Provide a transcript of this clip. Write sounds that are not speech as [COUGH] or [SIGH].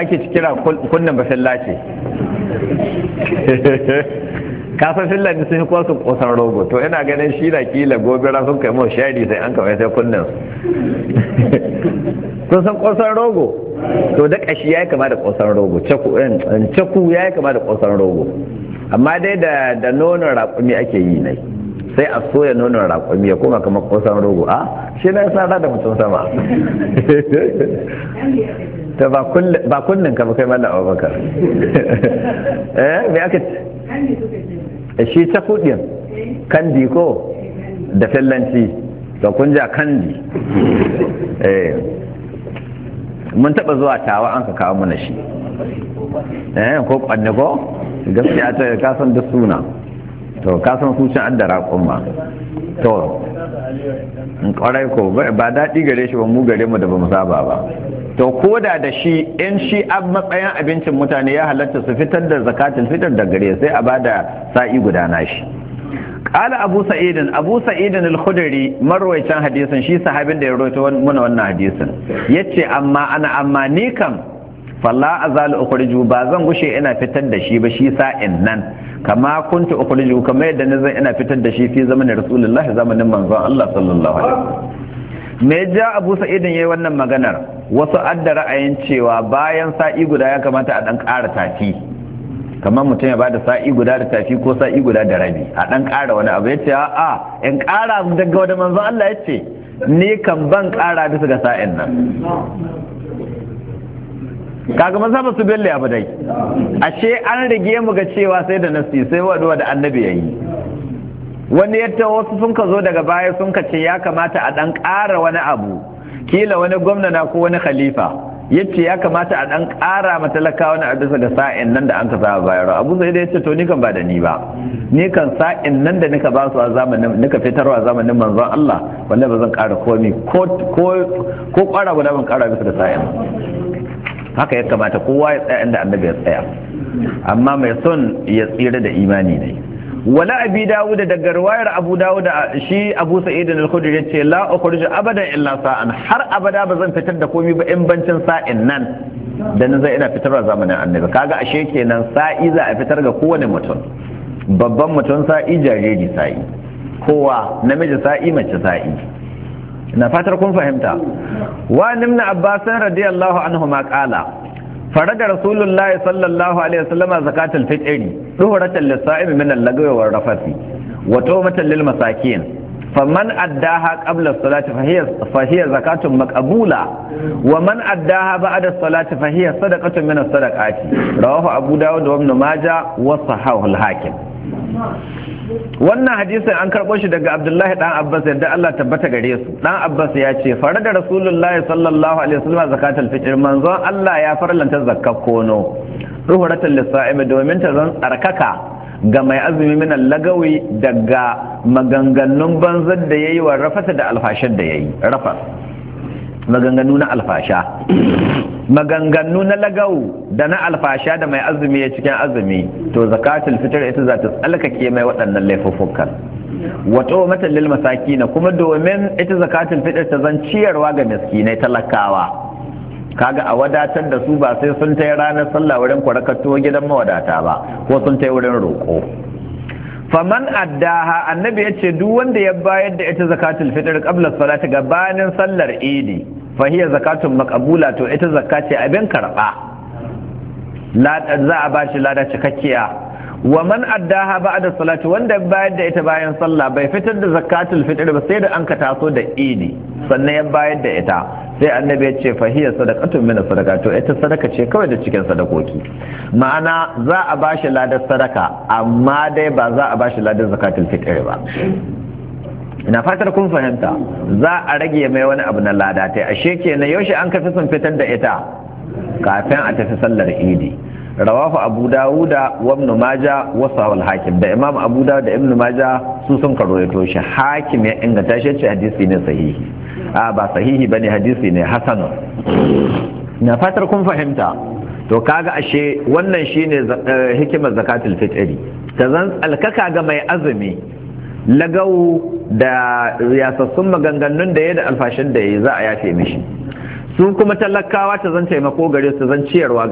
ake kira kunnan ba filla ce kasan filla ne sun kwasu su kusan rogo to ina ganin shi na kila gobira sun kai mawa shari sai an kawai sai kunnan sun san kusan rogo to da kashi ya yi kama da kusan rogo eh, caku ya yi kama da kusan rogo amma dai da nonon raƙumi ake yi ne sai a soya nonon raƙumi ya koma kamar kusan rogo a shi na yasa da mutum sama ta ba kullum ka ba kai mallam abubakar [LAUGHS] eh mai aka eh, shi ta kudin kandi ko da fillanci da kun ja kandi [LAUGHS] eh mun taba zuwa tawa an ka kawo mana shi eh ko kwanne ko gaskiya ta kasan da suna to kasan su can addara raƙon ma to ƙwarai ko ba daɗi gare shi ba mu gare mu da ba mu saba ba to ko da da shi in shi a matsayin abincin mutane ya halatta su fitar da zakatin fitar da gare sai a bada sa'i guda na shi qala abu sa'idin abu sa'idin al-khudri marwayacin hadisin shi sahabin da ya rawaito mana wannan hadisin yace amma ana amma ni falla zali ukuriju ba zan gushe ina fitar da shi ba shi sa'in nan kama kuntu ukuriju kama yadda na zan ina fitar da shi fi zamanin rasulullah zamanin manzon Allah sallallahu alaihi me ja Abu ya yayi wannan maganar wasu adda ra'ayin cewa bayan sa'i guda ya kamata a dan ƙara tafi kamar mutum ya bada sa'i guda da tafi ko sa'i guda da rabi a dan ƙara wani abu ya ce a'a in ƙara daga wani manzon Allah ya ce ni kan ban ƙara bisa ga sa'in nan kaga ba su belle abu dai ashe an rige mu ga cewa sai da nasi sai waduwa da annabi yayi wani yadda wasu sun ka zo daga baya sun ka ce ya kamata a dan ƙara wani abu kila wani gwamna ko wani khalifa yace ya kamata a dan ƙara matalaka wani abu bisa sa'in nan da an ka saba bayarwa abu sai da yace to ni kan ba da ni ba ni kan sa'in nan da nika ba su a zamanin nika fitarwa a zamanin manzon Allah wallahi ba zan ƙara komai ko ko ko ƙara guda ban ƙara bisa da sa'in haka ya kamata kowa ya tsaya inda annabi ya tsaya amma mai son ya tsira da imani ne wala abi dawud daga riwayar abu dawud shi abu sa'id al-khudri yace la ukhruju abadan illa sa'an har abada ba zan fitar da komai ba in bancin sa'in nan da nan zai ina fitar da zamanin annabi kaga ashe kenan sa'i za a fitar ga kowane mutum babban mutum sa'i jariri sa'i kowa namiji sa'i mace sa'i na fatar kun fahimta wa nimna abbasan radiyallahu anhu ma qala da rasulullahi sallallahu alaihi wasallama zakatul fitri duhratan lis-sa'imi min al-lagwi wa rafati wa tawmatan lil masakin faman addaha qabla as-salati fa hiya zakatun maqbula wa man addaha ba'da as-salati fa hiya sadaqatun min as-sadaqati rawahu abu wannan hadisin an karɓo shi daga abdullahi ɗan abbas yadda allah tabbata gare su ɗan abbas ya ce fara da rasulullahi sallallahu alaihi wasallam zakatul fitr manzon allah ya farlanta zakar kono ruhuratul lisa'imi domin ta zan tsarkaka ga mai azumi min lagawi daga maganganun banzar da yayi wa rafata da alfashar da yayi rafa maganganu na alfasha maganganu na lagau da na alfasha da mai azumi ya cikin azumi to zakatul fitr ita za ta tsalkake mai waɗannan laifuffukan wato mata lil masakina kuma domin ita zakatul fitr ta zan ciyarwa ga miskinai talakawa kaga a wadatar da su ba sai sun tai ranar sallah wurin kwarakato gidan mawadata ba ko sun tai wurin roƙo faman addaha annabi ya ce duk wanda ya bayar da ita zakatul fitr qabla salati gabanin sallar idi fahiyar zakatun makabula to ita zakka abin karɓa za a ba shi lada cikakkiya wa man addaha da salatu. wanda bayar da ita bayan sallah bai fitar da zakatul fitr ba sai da an ka taso da idi sannan ya bayar da ita sai annabi ya ce fahiya sadaqatun min sadaka to ita sadaka ce kawai da cikin sadakoki ma'ana za a bashi ladar sadaka amma dai ba za a bashi ladar zakatul fitr ba ina fatar kun fahimta za a rage mai wani abu na lada ta ashe kenan yaushe an kafi sun fitar da ita kafin a tafi sallar idi Rawafu abu dawuda wa ibn maja wa sahal hakim da imam abu dawuda da ibn maja su sun karoyato shi hakim ya inganta shi ce hadisi ne sahihi a ba sahihi bane hadisi ne hasan na fatar kun fahimta to kaga ashe wannan shine eh, hikimar zakatul fitri ta zan alkaka ga mai azumi Lagau da yasassun maganganun da ya da alfashin da ya za a yafe mishi su kuma talakawa ta zan taimako gare su zan ciyarwa